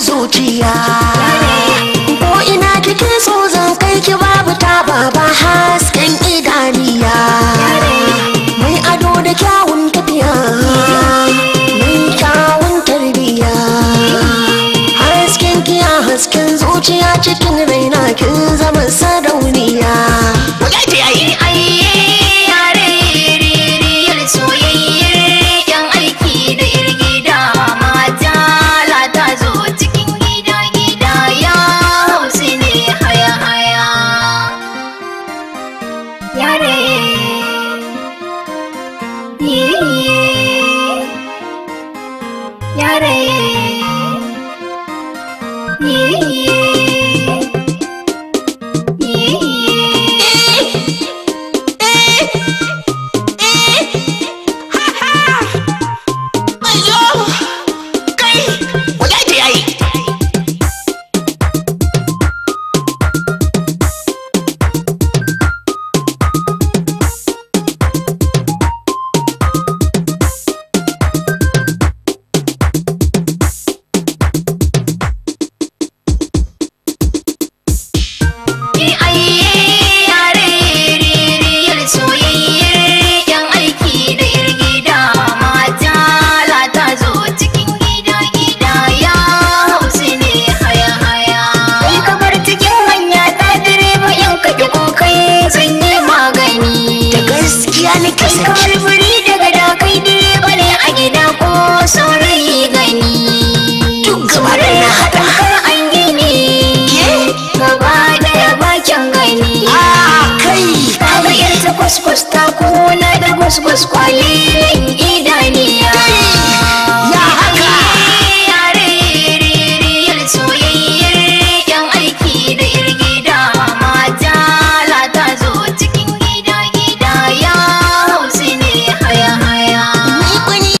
zuciya ko ina kike so zan kai ki babu ta baba hasken idaniya mai ado da kyawun tafiya mai kyawun tarbiya hasken kiya hasken zuciya cikin raina kin nhớ đi gì gì gaskiya na kasance daga da kai direba ne a gida ko sauran gani duk gaba da na haɗa kar an gini gaba daya bakin gani kai kaga yar ta kwaskwas ta kuna da kwaskwas kwale idaniya